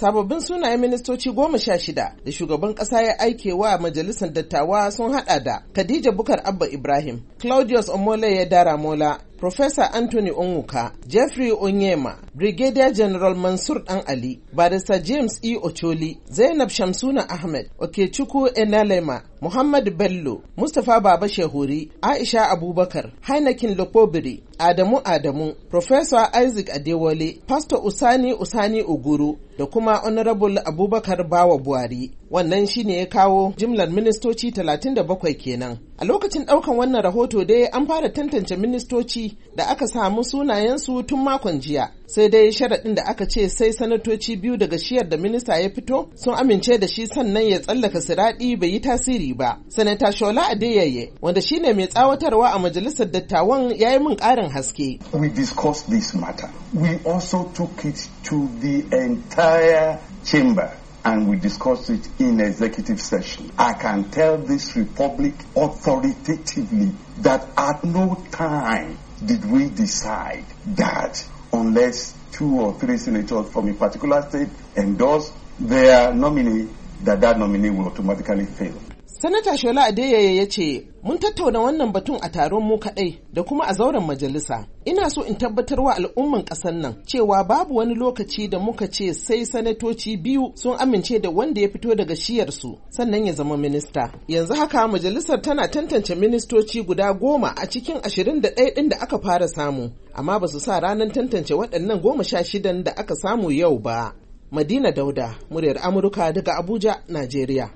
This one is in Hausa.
Sababbin sunayen ministoci goma sha shida da shugaban ƙasa ya aike wa majalisar dattawa sun hada da Khadija Bukar Abba Ibrahim, Claudius Omole ya dara Mola, Professor Anthony Onwuka, Jeffrey Onyema, Brigadier General Mansur Dan Ali, Barista James E. Ocholi, Zainab Shamsuna Ahmed, Okechukwu Enalema, Muhammad Bello, Mustapha Baba Shehuri, Aisha Abubakar, Hainakin Lokobiri, Adamu Adamu, Professor Isaac Adewale, Pastor Usani Usani Uguru. da kuma Honorable Abubakar Bawa Buhari. Wannan shi ne ya kawo jimlar ministoci 37 kenan. A lokacin ɗaukan wannan rahoto dai an fara tantance ministoci da aka samu sunayensu tun makon jiya sai dai sharaɗin da aka ce sai sanatoci biyu daga shiyar da minista ya fito sun amince da shi sannan ya tsallaka siraɗi bai yi tasiri ba sanata shola adeyeye wanda shine mai tsawatarwa a majalisar dattawan ya yi min ƙarin haske we discussed this matter we also took it to the entire chamber and we discussed it in executive session. I can tell this republic authoritatively that at no time did we decide that unless two or three senators from a particular state endorse their nominee, that that nominee will automatically fail. Sanata Shola Adeyeye ya ce, Mun tattauna wannan batun a taron mu kaɗai da kuma a zauren majalisa. Ina so in tabbatar wa al'umman ƙasar nan cewa babu wani lokaci da muka ce sai sanatoci biyu sun amince da wanda ya fito daga shiyarsu sannan ya zama minista. Yanzu haka majalisar tana tantance ministoci guda goma a cikin ashirin da ɗaya ɗin da aka fara samu, amma ba su sa ranar tantance waɗannan goma sha shidan da aka samu yau ba. Madina Dauda, muryar Amurka daga Abuja, Najeriya.